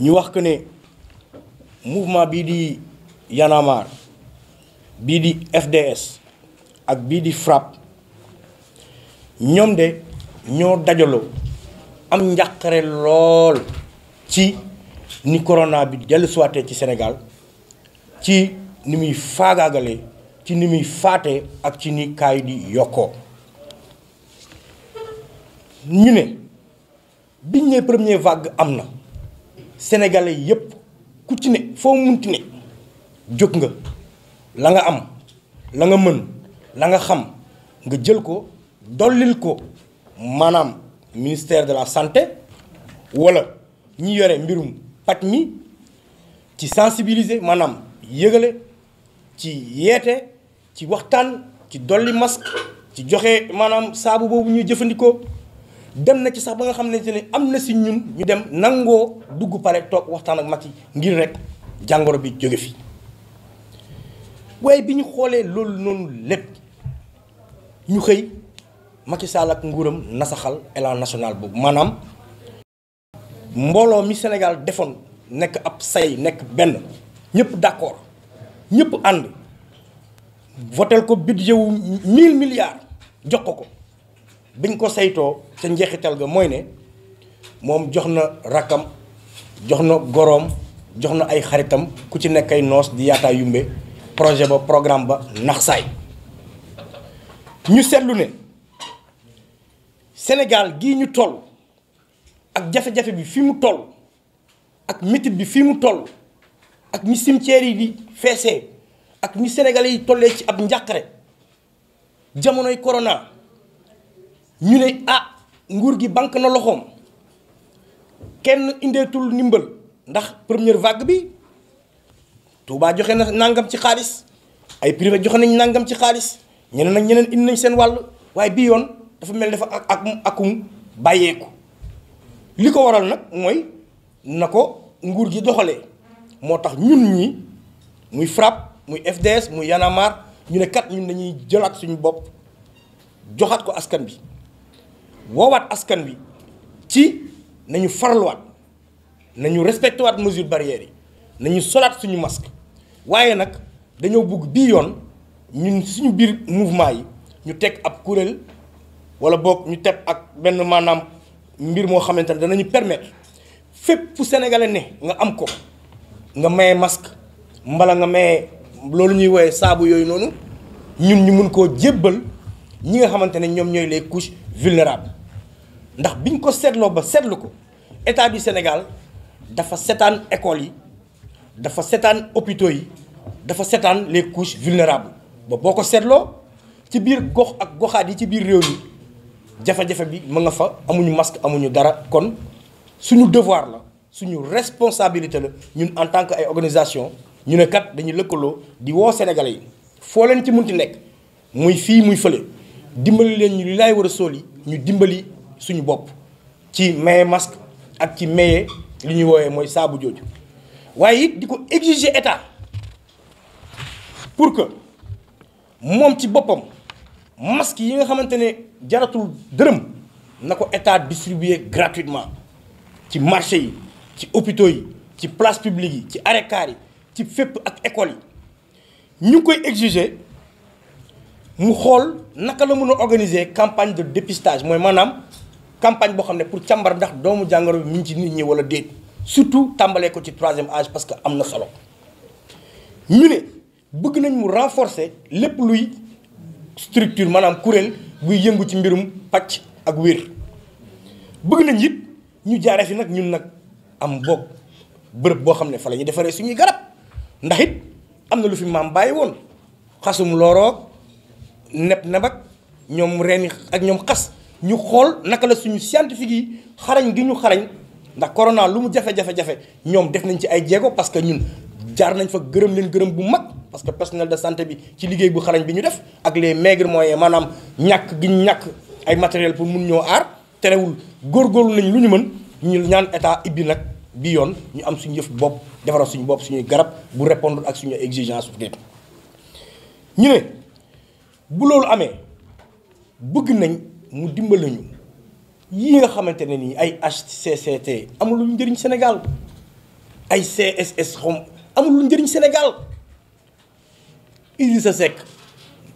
ñu wax que ne mouvement bii di Y'en bii di FDS ak bii di FRAPP ñoom de ñoo dajaloo am njàqare lool ci ni corona bi dellu siwaatee ci Sénégal ci ni muy faagaagalee ci ni muy faatee ak ci ni kaay di yokkoo ñu ne biñ ne premier vague am na sénégalais yëpp ku ci ne foo munti ne jóg nga la nga am la nga mën la nga xam nga jël ko dollil ko maanaam ministère de la santé wala ñi yore mbirum paj mi ci sensibiliser maanaam yëgale ci yeete ci waxtaan ci dolli masque ci joxe maanaam saabu boobu ñuy jëfandikoo dem na ci sax ba nga xam ne ne am na si ñun ñu dem nangoo duggu pare toog waxtaan ak Macky ngir rek jàngoro bi jóge fi waaye bi ñu xoolee loolu noonu lépp ñu xëy Macky Sall ak nguuram nasaxal élan national boobu maanaam mbooloo mi senegal defoon nekk ab say nekk benn ñëpp d'accord ñëpp ànd votel ko budget yowu mille milliards jox ko ko biñ ko saytoo ca njeexital ga mooy ne moom jox na rakkam jox na goroom jox na ay xaritam ku ci nekk ay noos di yaataa yumbe projet ba programme ba nax saay ñu seetlu ne Sénégal gi ñu toll ak jafe-jafe bi fi mu toll ak métit bi fi mu toll ak ñi cimetière yi di feesee ak ñi sénégalais yi tollee ci ab njàqare jamonoy corona ñu ne ah nguur gi ken na loxom kenn indeetul nimbal ndax première vague bi Touba joxe na nangam ci xaalis ay privé joxe nañ nangam ci xaalis ñeneen ak ñeneen indi nañ seen wàll waaye bii yoon dafa mel dafa ak akum bàyyeeku li ko waral nag mooy na nguur gi doxalee moo ñun ñi muy frap muy FDS muy Yanamar ñu ne kat ñun dañuy jëlaat suñu bopp joxaat ko askan bi woowaat askan wi ci nañu farluwaat nañu respecté waat mesure barrières yi nañu solaat suñu masque waaye nag dañoo bugg bii yoon ñun suñu biir mouvement yi ñu teg ab kuréel wala boog ñu teg ak benn maanaam mbir moo xamante ne danañu permettre fépp fu sénégalais ne nga am ko nga maye masque mbala nga maye loolu ñuy woowee saabu yooyu noonu ñun ñu mun koo jébbal ñi nga xamante ne ñoom ñooy les couches vulnérables ndax biñ ko seetloo ba un ko état du Sénégal dafa sétane école yi dafa sétane hôpitaux yi dafa les couches vulnérables ba boko ko ci biir gox ak goxaat ci bi masque amuñu dara kon suñu devoir la suñu responsabilité la en tant que ay organisation ñu kat dañuy lëkkaloo di sénégalais yi foo leen ci munti nekk muy fii muy fële dimbali leen suñu bop ci maye masque ak ci maye liñu woyé moy sabu saabu waye diko exiger état pour que mom ci bopam masque yi nga xamantene jaratul deureum na état distribuer gratuitement ci marché yi ci hôpitaux yi ci place publique yi ci arrêt car yi ci fep ak école yi ñu koy exiger mu xol naka la mën organiser campagne de dépistage moy manam campagne boo xam ne pour càmbar ndax doomu jàngoro bi mi ngi ci nit ñi wala déet surtout tàmbalee ko ci troisième âge parce que am na solo ñu ne bëgg nañ mu renforcer lépp luy structure maanaam kuréel buy yëngu ci mbirum pàcc ak wér bëgg nañ it ñu jaaree fi nag ñun nag am boog bërëb boo xam ne fa la ñuy defaree suñuy garab ndax it am na lu fi maam bàyyi woon xasum looroog nepp nebak ñoom reeni ak ñoom xas ñu xol naka la suñu scientifique yi xarañ gi ñu xarañ ndax corona lu mu jafé jafé jafé ñom def nañ ci ay jéego parce que ñun jaar nañ fa gërëm leen gërëm bu mag parce que personnel de santé bi ci liggéey bu xarañ bi ñu def ak les maigres moyens manam ñak gi ñak ay matériel pour mën ñoo aar terewul góorgóorlu nañ lu ñu mën ñu ñaan état ibi nak bi yoon ñu am suñu yëf bop defaral suñu bop suñu garab bu répondre ak suñu exigence déet ñu né bu loolu amé bëgg nañ mu dimbali ñu yi nga xamante ne nii ay HCCT amul lu njëriñ Sénégal ay CSS xom amul lu njëriñ Sénégal Idrissa Seck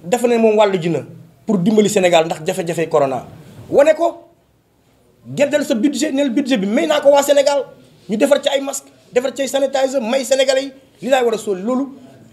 dafa ne moom wàllu ji na pour dimbali Sénégal ndax jafe-jafe corona wane ko gertel sa budget nel budget bi may naa ko waa Sénégal ñu defar ci ay masque defar ci ay sanitizer may sénégalais yi li laay war a sol loolu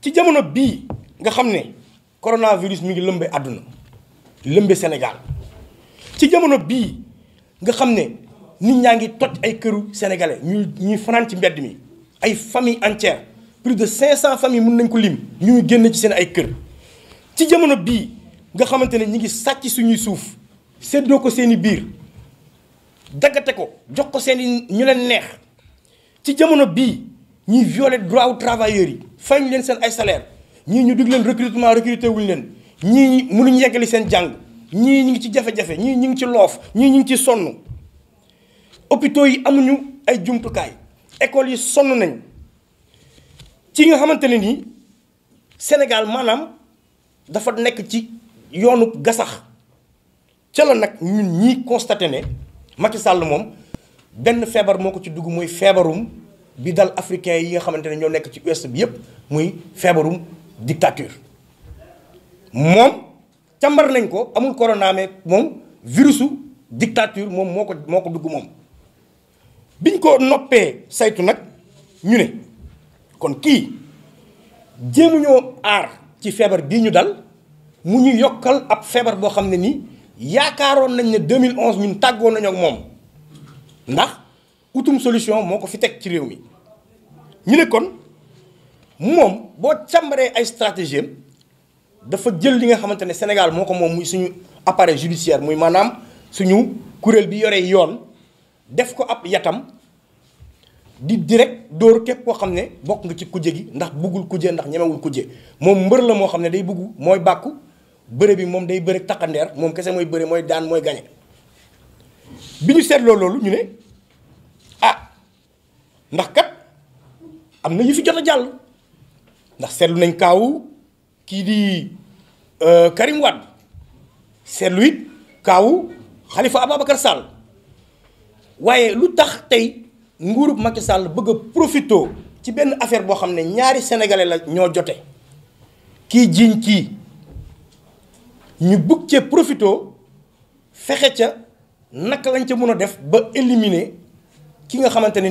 ci jamono bii nga xam ne coronavirus mi ngi lëmbe àdduna lëmbe Sénégal ci jamono bii nga xam ne nit ñaa ngi toj ay këru sénégalais ñuy ñuy fanaan ci mbedd mi ay famille entière plus de cent familles mën nañ ko lim ñuy génn ci seen ay kër ci jamono bii nga xamante ne ñi ngi sàcc suñuy suuf séddoo ko seen i biir daggate ko jox ko seen i ñu leen neex ci jamono bii ñuy violer droit wu yi fayuñ leen seen ay salaire ñii ñu dig leen recrutement recruter wuñ leen ñii mënuñ yeggali seen jàng ñii ñu ngi ci jafe-jafe ñii ñu ngi ci loof ñii ñu ngi ci sonn hôpitaux yi am amuñu ay jumtukaay écoles yi sonn nañ ci nga xamante ne nii Sénégal maanaam dafa nekk ci yoonub gasax ca la nag ñu ñii constaté ne Macky sàll moom benn feebar moo ko ci dugg mooy feebarum. bi dal africain yi nga xamante ne ñoo nekk ci ouest bi yëpp muy feebarum dictature moom càmbar nañ ko amul corona moom virusu dictature moom moo ko moo ko dugg moom biñ ko noppee saytu nag ñu ne kon kii jéemuñoo aar ci feebar bii ñu dal mu ñu yokkal ab feebar boo xam ne nii yaakaaroon nañ ne deux mille 2011 ñun tàggoon nañu ak moom ndax utum solution moo ko fi teg ci réew mi ñu ne kon moom boo càmbaree ay stratégie am dafa jël li nga xamante ne Sénégal moo ko moom muy suñu appareil judiciaire muy maanaam suñu kuréel bi yore yoon def ko ab yatam di direk dóor képp koo xam ne bokk nga ci kuje gi ndax buggul kuje ndax ñemewul kuje moom mbër la moo xam ne day bugg mooy bàkku bëre bi moom day bëre takkandeer moom kese mooy bëre mooy daan mooy gañe bi ñu seetloo loolu ñu ne ndax kat am na yu fi jot a jàll ndax seetlu nañ kaawu kii di euh, Karim Wade seetlu it kaawu Khalifa Ababacar Sall waaye lu tax tey nguurub Macky Sall bëgg a profito ci benn affaire boo xam ne ñaari sénégalais la ñoo jote kii jiñ kii ñu bëgg cee profito fexe ca naka lañ ca mën a def ba éliminer ki nga xamante ne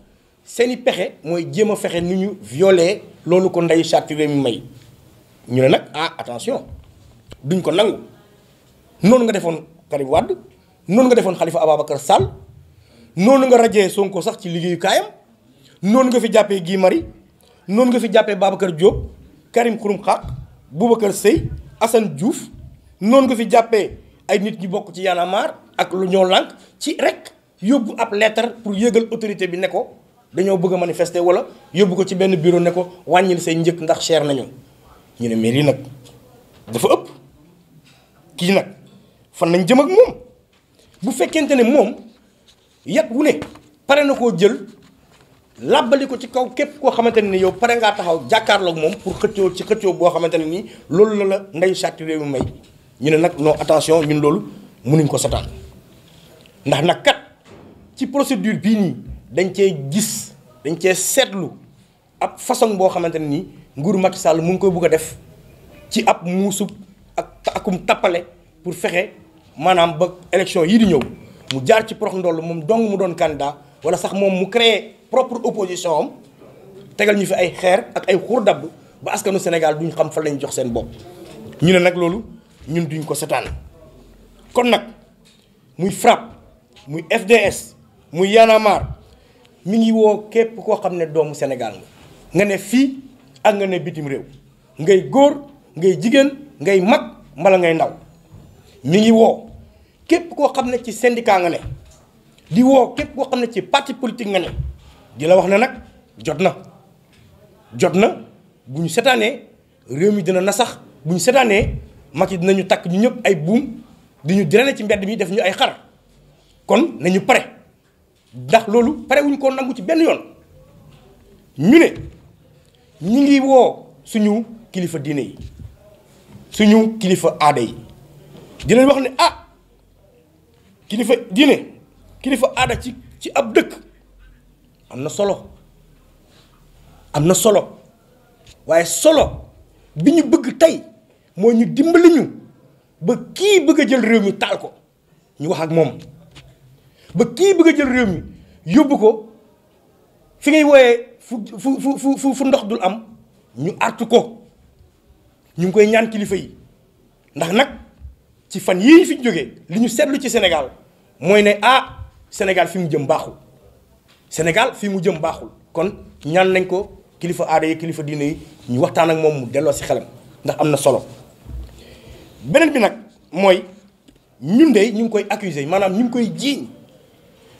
C'est pexé moy djema fexé nu ñu violer ko nday mi may ñu né nak ah attention duñ ko nangu Non nga Nous Karim fait non nga de Khalifa ababakar Sall non nga rajee Sonko sax ci liggéeyu kayam non nga fi jappé Guy nga fi Diop Karim Khouroum Khak..! Sey..! Assane Diouf non nga fi jappé ay nit ñi bok ci a ak lu ñoo rek lettre pour autorité bi dañoo bëgg a manifester wala yóbbu ko ci benn bureau ne ko wàññil say njëkk ndax cher nañu ñu ne mais lii nag dafa ëpp kii nag fan nañ jëm ak moom bu fekkente ne moom yat wu ne pare na koo jël làbbali ko ci kaw képp koo xamante ne yow pare ngaa taxaw jàkkaarlook moom pour xëccoo ci xëccoo boo xamante ne nii loolu la la ndeyu charte réew mi may ñu ne nag noo attention ñun loolu mënuñ ko sotaan ndax nag kat ci procédure bii nii. dañ cee gis dañ cee seetlu ab façon boo xamante ne nii nguur Macky Sall mu ngi koy bugg a def ci ab muusu ak akum tappale pour fexe maanaam ba élection yii di ñëw mu jaar ci porox ndoll moom dong mu doon candidat wala sax moom mu créer propre opposition am tegal ñu fi ay xeer ak ay xur dabb ba askanu Sénégal duñ xam fan lañ jox seen bopp ñu ne nag loolu ñun duñ ko setaan kon nag muy FRAPP muy FDS muy Y'en mi ngi woo képp koo xam ne doomu senegal nga ne fii ak nga ne bitim réew ngay góor ngay jigéen ngay mag mbala ngay ndaw mi ngi woo képp koo xam ne ci syndicat nga ne di woo képp koo xam ci parti politique nga ne di la wax na nag jot na jot na bu ñu setaanee réew mi dina nasax bu ñu setaanee mag yi dinañu takk ñu ñëpp ay buum di ñu drainer ci mbedd mi def ñu ay xar kon nañu pare ndax loolu pare wuñ ko nangu ci benn yoon ñu ne ñu ngi woo suñu kilifa diine yi suñu kilifa aada yi di leen wax ni ah kilifa diine kilifa aada ci ab dëkk am na solo am na solo waaye solo bi ñu bëgg tey moo ñu dimbali ñu ba kii bëgg a jël réew mi taal ko ñu wax ak moom ba kii bëgg a jël réew mi yóbbu ko fi ngay wooyee fu fu fu fu ndox dul am ñu artu ko ñu ngi koy ñaan kilifa yi ndax nag ci fan yii fi ñu jógee li ñu seetlu ci Sénégal mooy ne ah Sénégal fi mu jëm baaxul Sénégal fi mu jëm baaxul kon ñaan nañ ko kilifa aada yi kilifa diine yi ñu waxtaan ak moom mu delloo si xelam ndax am na solo beneen bi nag mooy ñun de ñu ngi koy accuser maanaam ñu ngi koy jiiñ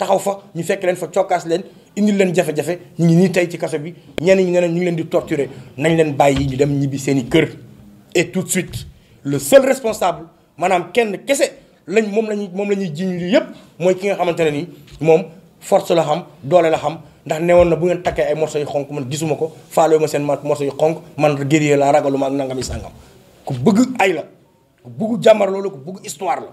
taxaw fa ñu fekk leen fa cokkaas leen indil leen jafe-jafe ñu ngi nii tey ci kaso bi ñenn ñu ne ñu ngi leen di torturer nañ leen bàyyi ñu dem ñibbi seen i kër. et tout de suite le seul responsable maanaam kenn kese lañ moom lañuy moom la ñuy jiñ lii yëpp mooy ki nga xamante ne nii moom force la xam doole la xam ndax newoon na bu ngeen takkee ay morso yu xonk man gisuma ko faaloo ma seen morso yu xonk man guerrier la ragaluma ak nangami sàngam ku bëgg ay la ku bëgg jàmbar loolu ku bëgg histoire la.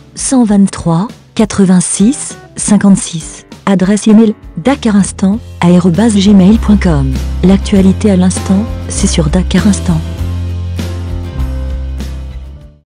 123 86 56. Adresse email dakarinstant@gmail.com. L'actualité à l'instant, c'est sur Dakar Instant.